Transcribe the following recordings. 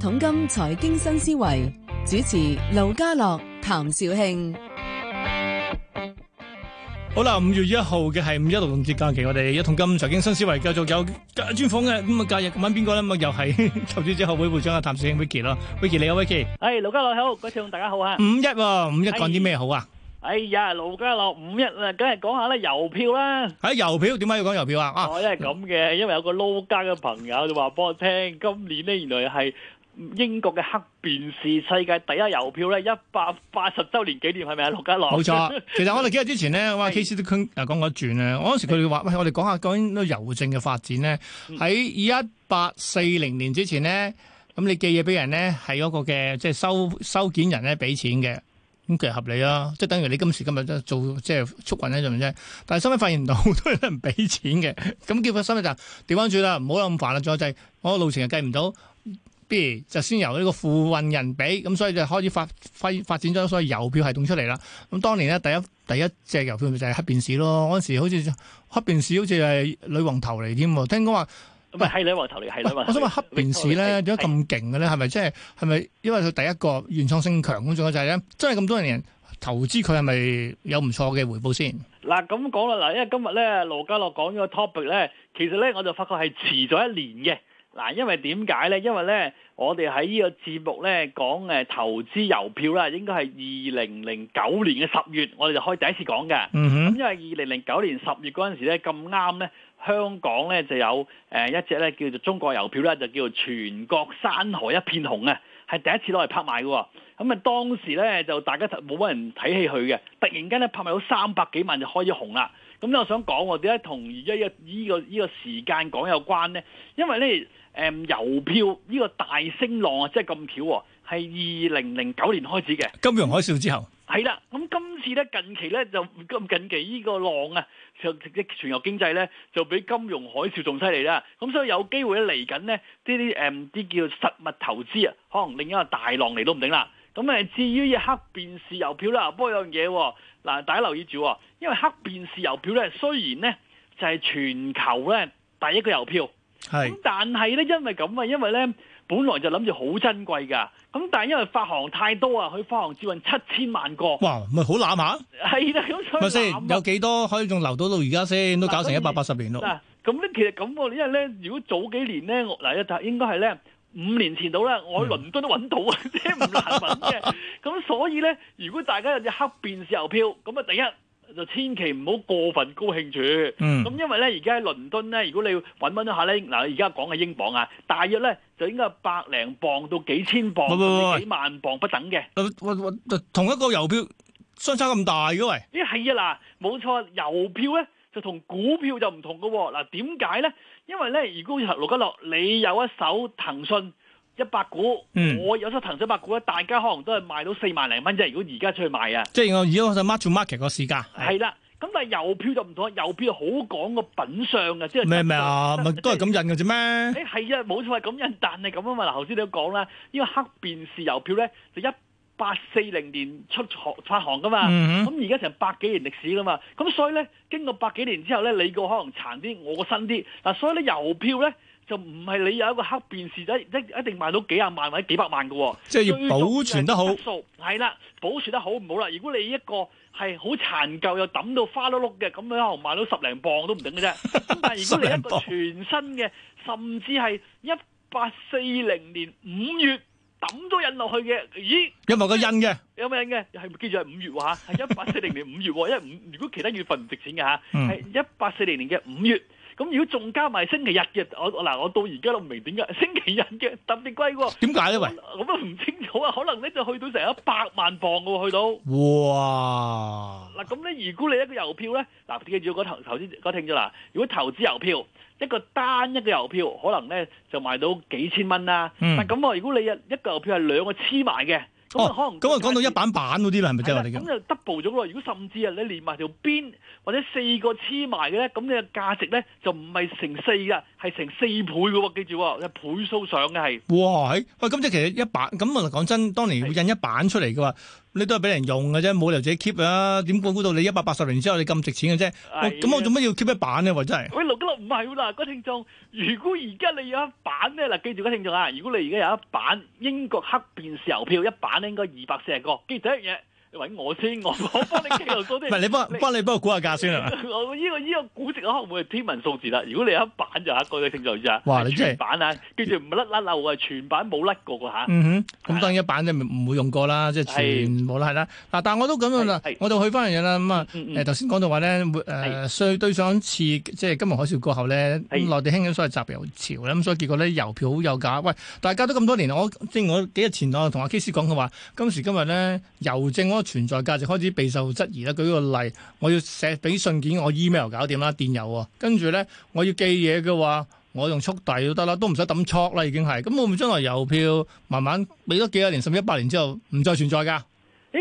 統金財經新思維主持盧家樂、譚紹興。好啦，五月一號嘅係五一勞動節假期，我哋《一統金財經新思維》繼續有專訪嘅。咁啊，假日揾邊個咧？咁啊，又係投資者協會會長阿譚紹興 Vicky 啦。Vicky 你好，Vicky。誒，盧、哎、家樂好，各位大家好啊。五一，五一講啲咩好啊？哎呀，盧家樂，五一嗱，梗係講下咧郵票啦。喺郵、哎、票，點解要講郵票、哦、啊？我因為咁嘅，因為有個撈家嘅朋友就話幫我聽，今年呢，原來係。英國嘅黑便士世界第一郵票咧，一百八十周年紀念係咪啊？陸家樂冇錯，其實我哋幾日之前呢，是我阿 K C 都講過一轉啊。我嗰時佢哋話喂，我哋講下究竟郵政嘅發展呢。」喺一八四零年之前呢，咁你寄嘢俾人呢、那個，係、就、一、是那個嘅，即、就、係、是、收收件人咧俾錢嘅，咁其實合理啊。即係等於你今時今日都做即係、就是、速運喺度啫。但係收尾發現唔到好多人都唔俾錢嘅，咁結果收尾就調翻轉啦，唔好咁煩啦，再制我路程係計唔到。不如就先由呢個富運人俾，咁所以就開始發揮發展咗所謂郵票系統出嚟啦。咁當年咧，第一第一隻郵票就係黑便士咯。嗰時好似黑便士好似係女王頭嚟添，聽講話唔係女王頭嚟，係女王。我想問黑便士咧點解咁勁嘅咧？係咪即係係咪因為佢第一個原創性強？咁仲有就係咧，真係咁多年投資佢係咪有唔錯嘅回報先？嗱咁講啦，嗱，因為今日咧羅嘉樂講咗個 topic 咧，其實咧我就發覺係遲咗一年嘅。嗱，因為點解呢？因為呢，我哋喺呢個節目呢講誒投資郵票啦，應該係二零零九年嘅十月，我哋就開第一次講嘅。嗯哼。咁因為二零零九年十月嗰陣時呢咁啱呢，香港呢就有誒一隻呢叫做中國郵票咧，就叫做全國山河一片紅啊，係第一次攞嚟拍賣嘅。咁啊，當時呢，就大家冇乜人睇起佢嘅，突然間呢，拍賣到三百幾萬就開始紅啦。咁我想講我點解同一一呢個呢個時間講有關呢，因為呢。誒，郵、嗯、票呢個大升浪啊，即係咁巧，係二零零九年開始嘅。金融海嘯之後，係啦，咁今次咧近期咧就近期呢個浪啊，就直接全球經濟咧就比金融海嘯仲犀利啦。咁所以有機會嚟緊呢啲誒啲叫實物投資啊，可能另一個大浪嚟都唔定啦。咁誒，至於呢黑便士郵票啦，不過有樣嘢，嗱大家留意住，因為黑便士郵票咧，雖然呢，就係全球咧第一個郵票。係，咁但係咧，因為咁啊，因為咧，本來就諗住好珍貴噶，咁但係因為發行太多啊，佢發行只運七千萬個，哇，唔係好攬下？係啦，咁所以攬。咪先，有幾多可以仲留到到而家先？都搞成一百八十年咯。嗱，咁咧其實咁，因為咧，如果早幾年咧，我嗱一睇，應該係咧五年前到咧，我喺倫敦都揾到啊，即係唔難揾嘅。咁所以咧，如果大家有隻黑便士郵票，咁啊第一。就千祈唔好過分高興住，咁因為咧，而家喺倫敦咧，如果你要揾揾一下咧，嗱，而家講嘅英鎊啊，大約咧就應該係百零鎊到幾千鎊，甚至幾萬鎊不等嘅。喂喂，同一個郵票相差咁大嘅喂？咦係啊嗱，冇錯，郵票咧就同股票就唔同嘅喎。嗱，點解咧？因為咧，如果羅家樂你有一手騰訊。一百股，嗯，我有失騰升百股咧，大家可能都係賣到四萬零蚊啫。如果而家出去賣啊，即係我而家我做 market 個市價。係啦，咁但係郵票就唔同，郵票好講個品相嘅，即係咩咩啊？咪都係咁印嘅啫咩？誒係啊，冇錯係咁印，但係咁啊嘛。嗱，頭先你都講啦，呢個黑便士郵票咧就一八四零年出行發行噶嘛，咁而家成百幾年歷史啦嘛，咁所以咧經過百幾年之後咧，你個可能殘啲，我個新啲嗱，所以咧郵票咧。就唔係你有一個黑便士仔一一定賣到幾廿萬或者幾百萬嘅喎，即係要保存得好。係啦，保存得好唔好啦？如果你一個係好殘舊又抌到花碌碌嘅咁樣，可能賣到十零磅都唔定嘅啫。咁但係如果你一個全新嘅，甚至係一八四零年五月抌咗印落去嘅，咦？有冇個印嘅？有冇印嘅？係記住係五月喎，係一八四零年五月喎，因為如果其他月份唔值錢嘅嚇，係一八四零年嘅五月。咁如果仲加埋星期日嘅，我嗱，我到而家都唔明點解星期日嘅特別貴喎？點解咧？喂，我都唔清楚啊，可能咧就去到成一百萬磅嘅喎，去到。哇！嗱，咁咧如果你一個郵票咧，嗱，記住個投投資嗰聽咗啦，如果投資郵票一個單一個郵票，可能咧就賣到幾千蚊啦。嗯。但咁話，如果你一一個郵票係兩個黐埋嘅。咁可能咁、就、啊、是，講、哦、到一板板嗰啲啦，係咪即係？咁就 double 咗咯。如果甚至啊，你連埋條邊或者四個黐埋嘅咧，咁你嘅價值咧就唔係成四㗎。係成四倍嘅喎，記住喎，一倍數上嘅係。哇！喂、欸，咁、欸欸、即係其實一版咁我哋講真，當年會印一版出嚟嘅話，你都係俾人用嘅啫，冇理由自己 keep 啊！點估估到你一百八十年之後你咁值錢嘅啫？咁我做乜要 keep 一版呢？真、欸、係。喂、欸欸，六金六唔係喎嗱，各位聽眾，如果而家你有一版呢，嗱，記住嘅聽眾啊，如果你而家有一版英國黑便士郵票，一版應該二百四十個。記住第一樣嘢。揾我先，我講你幾唔你幫幫你幫我估下價先係我呢個依個估值可能會係天文數字啦。如果你有一版就一個星座字哇！你真係版啊，跟住唔甩甩漏啊，全版冇甩過㗎嚇。嗯咁當然一版就唔會會用過啦，即係全部都係啦。嗱，但我都咁樣啦，我就去翻樣嘢啦。咁啊，誒頭先講到話呢，誒對上一次即係金融海嘯過後呢，內地興緊所謂集郵潮啦，咁所以結果呢，郵票好有價。喂，大家都咁多年，我即係我幾日前我同阿 K 師講，佢話今時今日呢，郵政存在價值開始備受質疑啦！舉個例，我要寫俾信件，我 email 搞掂啦，電郵喎。跟住咧，我要寄嘢嘅話，我用速遞都得啦，都唔使抌速啦，已經係。咁會唔會將來郵票慢慢俾多幾多年，甚至一百年之後唔再存在㗎？誒，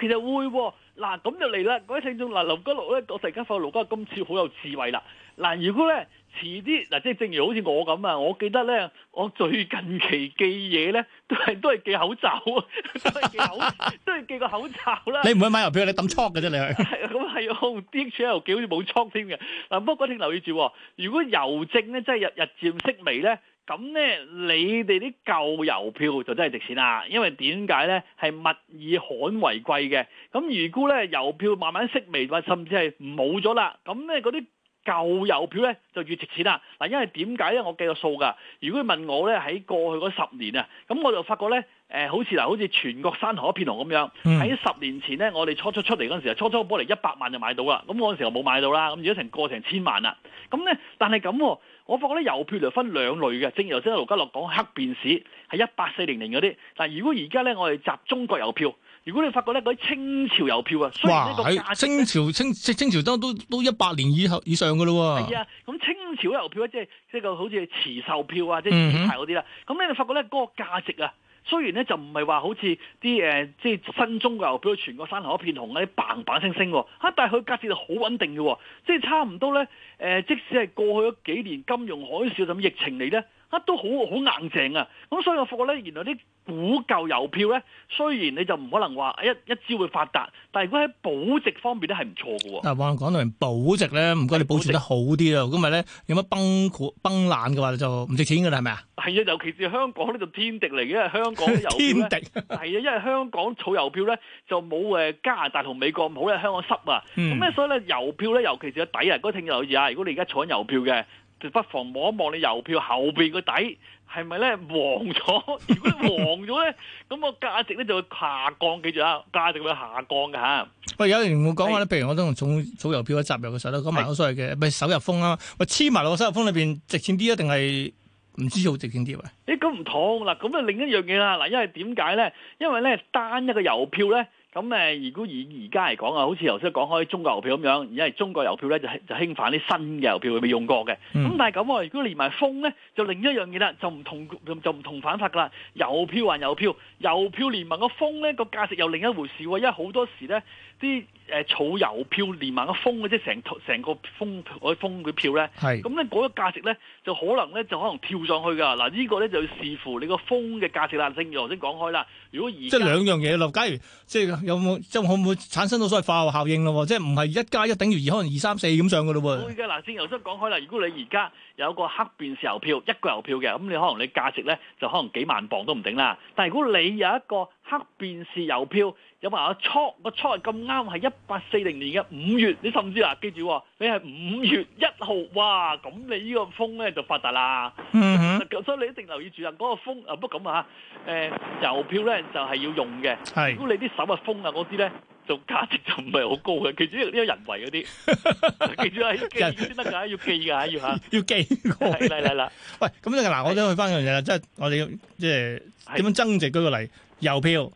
其實會嗱、啊，咁就嚟啦！各位聽眾，嗱，盧家樂咧，我突然間發覺盧家今次好有智慧啦！嗱，如果咧。遲啲嗱，即係正如好似我咁啊！我記得咧，我最近期寄嘢咧，都係都係寄口罩啊，都係寄口，都係寄個口罩啦。你唔去買郵票，你抌戳嘅啫，你去。係啊，咁係啊，DHL 寄好似冇戳添嘅。嗱，不過你要留意住，如果郵政咧真係日日漸式微咧，咁咧你哋啲舊郵票就真係值錢啦，因為點解咧？係物以罕為貴嘅。咁如果咧郵票慢慢式微或甚至係冇咗啦，咁咧嗰啲。舊郵票咧就越值錢啦，嗱，因為點解咧？我計個數噶，如果問我咧，喺過去嗰十年啊，咁我就發覺咧，誒，好似嗱，好似全國山河一片紅咁樣，喺、嗯、十年前咧，我哋初初出嚟嗰陣時候，初初攞嚟一百萬就買到啦，咁嗰陣時候就冇買到啦，咁而家成個成千萬啦，咁咧，但係咁、啊，我發覺啲郵票就分兩類嘅，正如頭先阿盧家樂講，黑便士係一八四零零嗰啲，但如果而家咧，我哋集中國郵票。如果你發覺咧嗰啲清朝郵票啊，雖然個價呢清清，清朝清清朝都都都一百年以後以上嘅咯喎。係啊，咁、啊、清朝郵票咧，即係即係個好似慈壽票啊，即係紙幣嗰啲啦。咁咧、嗯、哼你發覺咧嗰個價值啊，雖然咧就唔係話好似啲誒即係新中國郵票，全個山河一片紅，嗰啲棒棒聲升喎，但係佢價值就好穩定嘅，即係差唔多咧。誒，即使係過去嗰幾年金融海嘯、咁疫情嚟咧。啊，都好好硬正啊！咁所以我發覺咧，原來啲古舊郵票咧，雖然你就唔可能話一一朝會發達，但係如果喺保值方面咧係唔錯嘅喎、啊。嗱，話講到人保值咧，唔該你保存得好啲啊！咁日咧，有乜崩壞崩爛嘅話就唔值錢嘅啦，係咪啊？係啊，尤其是香港呢度天敵嚟嘅，因為香港郵票咧係啊，因為香港儲郵票咧就冇誒加拿大同美國咁好咧，香港濕啊！咁咧、嗯、所以咧郵票咧，尤其是個底啊，嗰聽好似啊！如果你而家儲緊郵票嘅。就不妨望一望你郵票後邊個底係咪咧黃咗？ 如果黃咗咧，咁個價值咧就會下降。記住啊，價值會下降嘅嚇。喂，有人會講話咧，譬是如我都用早早郵票嘅集郵嘅時候咧，講埋我所謂嘅咪收入風啦、啊，喂，黐埋落個首日封裏邊值錢啲啊，定係唔知做值錢啲啊？誒、欸，咁唔妥嗱，咁啊另一樣嘢啦嗱，因為點解咧？因為咧單一個郵票咧。咁誒，如果、嗯、以而家嚟講啊，好似頭先講開中國郵票咁樣，而家中國郵票咧就就興反啲新嘅郵票佢未用過嘅。咁、嗯、但係咁，如果連埋封咧，就另一樣嘢啦，就唔同就唔同反法噶啦。郵票還郵票，郵票聯盟個封咧個價值又另一回事喎，因為好多時咧。啲誒草郵票連埋個封嗰啲成成個封海封嘅票咧，咁咧嗰個價值咧就可能咧就可能跳上去㗎嗱，呢個咧就要視乎你個封嘅價值啦。正如頭先講開啦，如果而即係兩樣嘢啦，假如即係有冇即係可唔會產生到所謂化學效應咯？即係唔係一加一等於二，可能二三四咁上㗎咯喎？會㗎嗱，正如頭先講開啦，如果你而家有個黑便士郵票一個郵票嘅，咁你可能你價值咧就可能幾萬磅都唔定啦。但係如果你有一個黑便士郵票，有埋個戳，個戳係咁啱，係一八四零年嘅五月，你甚至啊，記住你係五月一號，哇！咁你呢個封咧就發達啦。嗯哼，所以你一定留意住啊，嗰個封啊，不咁啊，誒，郵票咧就係要用嘅。係，如果你啲手啊封啊嗰啲咧，就價值就唔係好高嘅。記住呢啲人為嗰啲，記住啊，記先得噶，要記噶，要吓。要記。嚟嚟嚟。喂，咁你嗱，我想去翻嗰樣嘢啦，即係我哋要即係點樣增值舉個例？郵票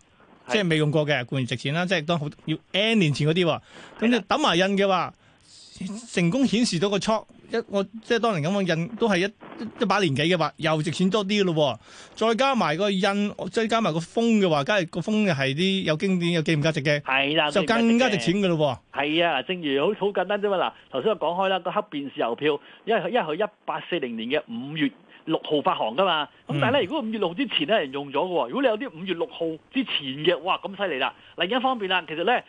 即係未用過嘅固然值錢啦，即係當好要 N 年前嗰啲，咁你揼埋印嘅話，成功顯示到個戳一我即係當年咁樣印都係一一把年紀嘅話，又值錢多啲咯喎，再加埋個印再加埋個封嘅話，梗係個封又係啲有經典有紀念價值嘅，係啦的，就更加值錢嘅咯喎。係啊，正如好好簡單啫嘛，嗱，頭先我講開啦，個黑便士郵票，因為因為佢一八四零年嘅五月六號發行噶嘛，咁但係咧，如果五月六號之前咧，人用咗嘅喎，如果你有啲五月六號之前嘅，哇咁犀利啦！另一方面啦，其實咧，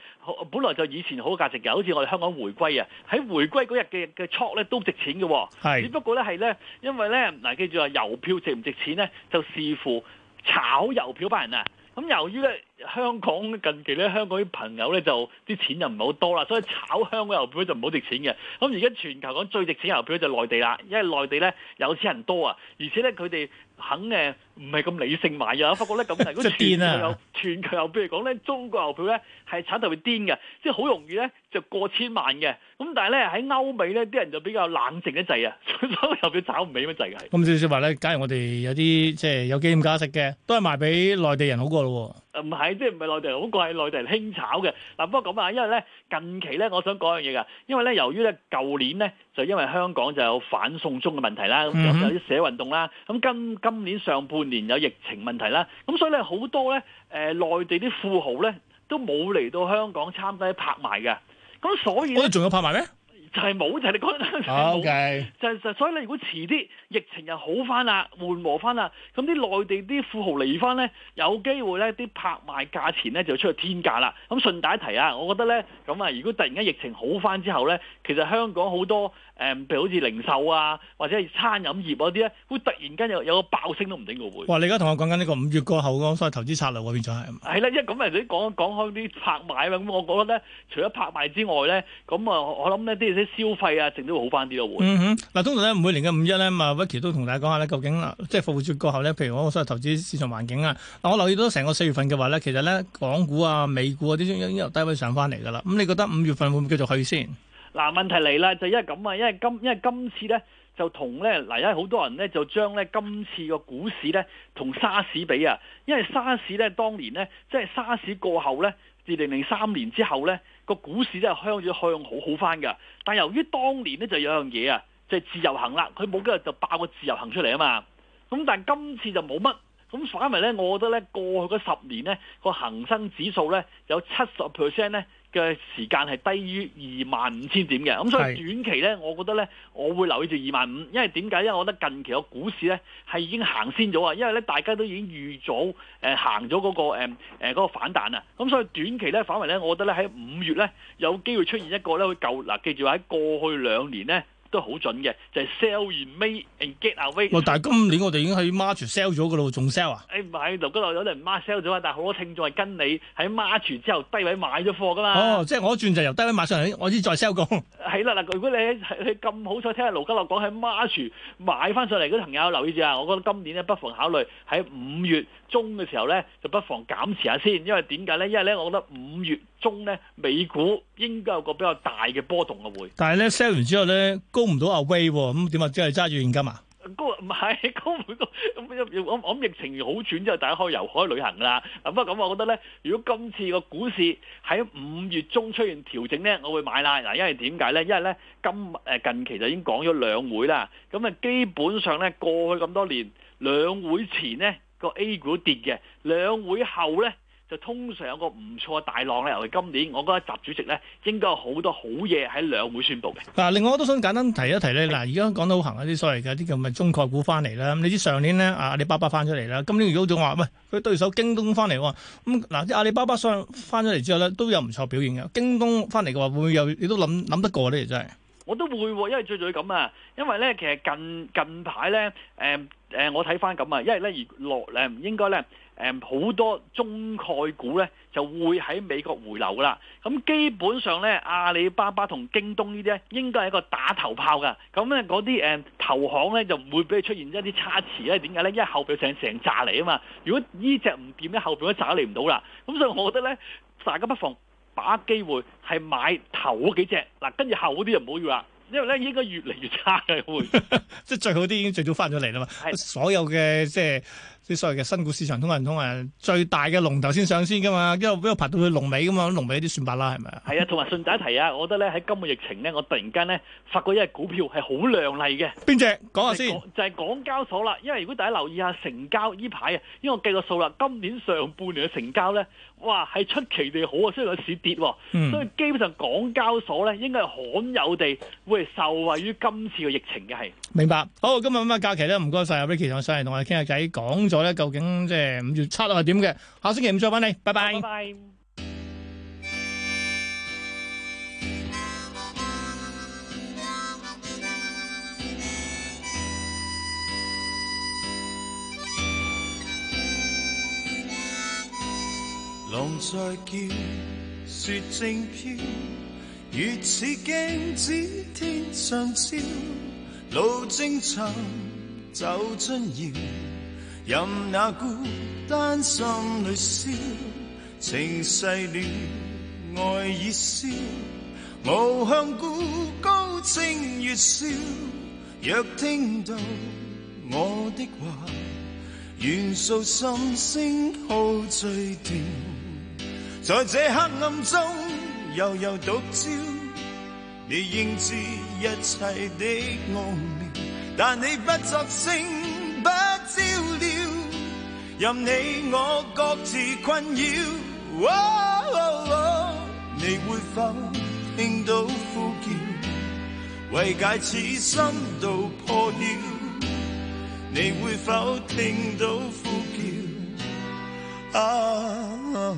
本來就以前好價值嘅，好似我哋香港回歸啊，喺回歸嗰日嘅嘅 chok 咧都值錢嘅，是只不過咧係咧，因為咧嗱，記住話郵票值唔值錢咧，就視乎炒郵票班人啊，咁、嗯、由於咧。香港近期咧，香港啲朋友咧就啲錢就唔係好多啦，所以炒香港郵票咧就唔好值錢嘅。咁而家全球講最值錢郵票咧就內地啦，因為內地咧有錢人多啊，而且咧佢哋肯嘅，唔係咁理性買啊。不過咧咁，係果、就是、全球有 全球郵票嚟講咧，中國郵票咧係炒得特別癲嘅，即係好容易咧就過千萬嘅。咁但係咧喺歐美咧啲人就比較冷靜一陣啊， 所以郵票炒唔起乜滯，咁少少話咧，假如我哋有啲即係有紀念價值嘅，都係賣俾內地人好過咯。唔係，即係唔係內地人，好貴係內地人興炒嘅。嗱，不過咁啊，因為咧近期咧，我想講樣嘢噶，因為咧由於咧舊年咧就因為香港就有反送中嘅問題啦，咁有啲社運動啦，咁今今年上半年有疫情問題啦，咁所以咧好多咧誒內地啲富豪咧都冇嚟到香港參加啲拍賣嘅，咁所以我哋仲有拍賣咩？就係冇，就係、是、你講，就係、是、冇，Okay. 就就是、所以你如果遲啲疫情又好翻啦，緩和翻啦，咁啲內地啲富豪嚟翻咧，有機會咧啲拍賣價錢咧就出去天價啦。咁順帶一提下，我覺得咧咁啊，如果突然間疫情好翻之後咧，其實香港好多誒，譬如好似零售啊，或者係餐飲業嗰啲咧，會突然間有有個爆升都唔定嘅會。哇！你而家同我講緊呢個五月過後嗰個所謂投資策略嗰邊就係、是。係啦，因為講講一咁啊，你講講開啲拍賣啊，咁我覺得咧，除咗拍賣之外咧，咁啊，我諗呢啲。消費啊，剩都會好翻啲咯，會。嗯哼，嗱，通常咧每年嘅五一咧，麥 k y 都同大家講下咧，究竟即係復活節過後咧，譬如我所投資市場環境啊，嗱，我留意到成個四月份嘅話咧，其實咧港股啊、美股啊啲由低位上翻嚟噶啦，咁你覺得五月份會唔會繼續去先？嗱、啊，問題嚟啦，就因為咁啊，因為今因為今次咧就同咧嗱，因咧好多人咧就將咧今次個股市咧同沙士比啊，因為沙士咧當年咧即係沙士過後咧。二零零三年之後呢，個股市真係向住向好好翻㗎。但由於當年呢就有樣嘢啊，即係自由行啦，佢冇幾日就爆個自由行出嚟啊嘛。咁但係今次就冇乜，咁反為呢，我覺得呢，過去嗰十年呢，個恒生指數呢有七十 percent 呢，有70呢嘅時間係低於二萬五千點嘅，咁所以短期呢，我覺得呢，我會留意住二萬五，因為點解？因為我覺得近期個股市呢，係已經行先咗啊，因為呢，大家都已經預早誒、呃、行咗嗰、嗰個誒誒、呃嗰個、反彈啊，咁所以短期呢，反為呢，我覺得呢，喺五月呢，有機會出現一個呢，去舊嗱，記住喺過去兩年呢。都好準嘅，就係、是、sell 完 May and get away。但係今年我哋已經喺 March sell 咗嘅啦，仲 sell 啊？誒、哎，唔係，盧吉樂有啲人 March sell 咗啊，但係好多聽眾係跟你喺 March 之後低位買咗貨噶嘛。哦，即係我一轉就由低位買上嚟，我先再 sell 個。係啦，嗱，如果你係你咁好彩，聽盧吉樂講喺 March 買翻上嚟嗰啲朋友留意住啊！我覺得今年咧不妨考慮喺五月中嘅時候咧，就不妨減持下先，因為點解咧？因為咧，我覺得五月中咧，美股應該有個比較大嘅波動嘅會。但係咧，sell 完之後咧，高唔到阿威喎，咁點啊？即係揸住現金啊？高唔係高唔到。咁我我諗疫情完好轉之後，大家可以遊開旅行啦。嗱，不過咁我覺得咧，如果今次個股市喺五月中出現調整咧，我會買啦。嗱，因為點解咧？因為咧，今誒近期就已經講咗兩會啦。咁啊，基本上咧，過去咁多年，兩會前咧個 A 股跌嘅，兩會後咧，就通常有個唔錯嘅大浪咧，尤其今年，我覺得習主席咧應該有好多好嘢喺兩會宣佈嘅。嗱、啊，另外我都想簡單提一提咧，嗱的，而家講到好行一啲所謂嘅啲叫咪中概股翻嚟啦，你知道上年咧，阿阿里巴巴翻出嚟啦，今年如果仲話喂佢對手京東翻嚟喎，咁嗱啲阿里巴巴上翻咗嚟之後咧都有唔錯表現嘅，京東翻嚟嘅話會唔會又你都諗諗得過呢？真係我都會喎、啊，因為最最咁啊，因為咧其實近近排咧，誒、呃、誒、呃，我睇翻咁啊，因為咧而落誒唔應該咧。誒，好多中概股咧就會喺美國回流啦。咁基本上咧，阿里巴巴同京東呢啲咧，應該係一個打頭炮㗎。咁咧嗰啲誒，投行咧就唔會俾佢出現一啲差池。呢點解咧？因為後邊成成扎嚟啊嘛。如果呢隻唔掂咧，後邊都扎嚟唔到啦。咁所以我覺得咧，大家不妨把握機會係買頭嗰幾隻，嗱跟住後嗰啲就唔好要啦。因為咧，應該越嚟越差嘅會。 即係最好啲已經最早翻咗嚟啦嘛是的 所、就是。所有嘅即係所謂嘅新股市場通唔通啊，最大嘅龍頭先上先噶嘛。因為因為排到去龍尾噶嘛，龍尾啲算白啦，係咪啊？係啊，同埋順帶提啊，我覺得咧喺今個疫情咧，我突然間咧發覺一隻股票係好靚麗嘅。邊隻講下先就？就係、是、港交所啦，因為如果大家留意下成交呢排啊，因為我計個數啦，今年上半年嘅成交咧，哇係出奇地好啊，雖然有市跌，哦，嗯、所以基本上港交所咧應該係罕有地受惠於今次個疫情嘅係明白，好今日咁嘅假期咧，唔該晒。阿 Ricky 我上嚟同我哋傾下偈，講咗咧究竟即係五月七號係點嘅。下星期五再翻你，好拜拜，拜拜 月似鏡子，天上照。路正長，酒樽搖。任那孤單心裏燒，情逝了，愛已消。無向故高清月笑，若聽到我的話，願訴心聲好醉掉，在這黑暗中。悠悠獨照，你應知一切的奧妙，但你不作聲，不照料，任你我各自困擾、oh。Oh oh、你會否聽到呼叫，為解此心度破曉？你會否聽到呼叫？啊。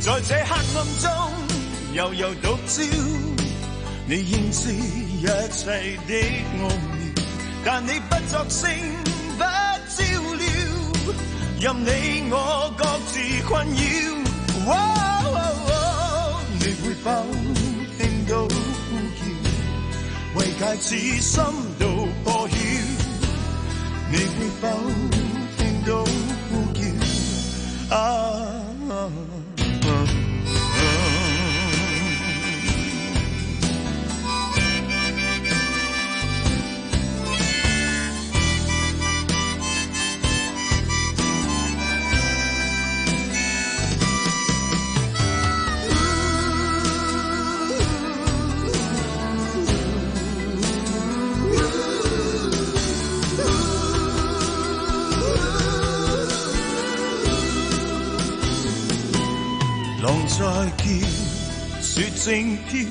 在這黑暗中，悠悠獨照，你應知一切的奧妙，但你不作聲，不照料，任你我各自困擾。你會否聽到呼叫？為解此心道破曉，你會否聽到呼叫？啊！啊正片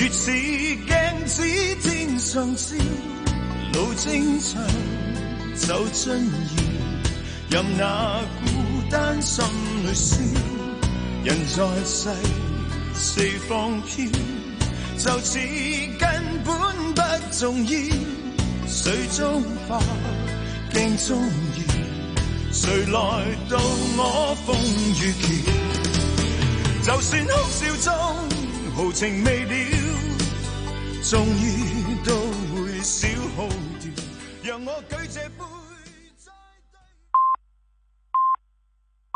月是鏡子，天上照。路正長，酒樽搖，任那孤單心裏笑。人在世，四方飄，就似根本不重要。水中花，鏡中月，誰來渡我風雨橋？就算哭笑中豪情未了，終於都會消耗掉，讓我舉著。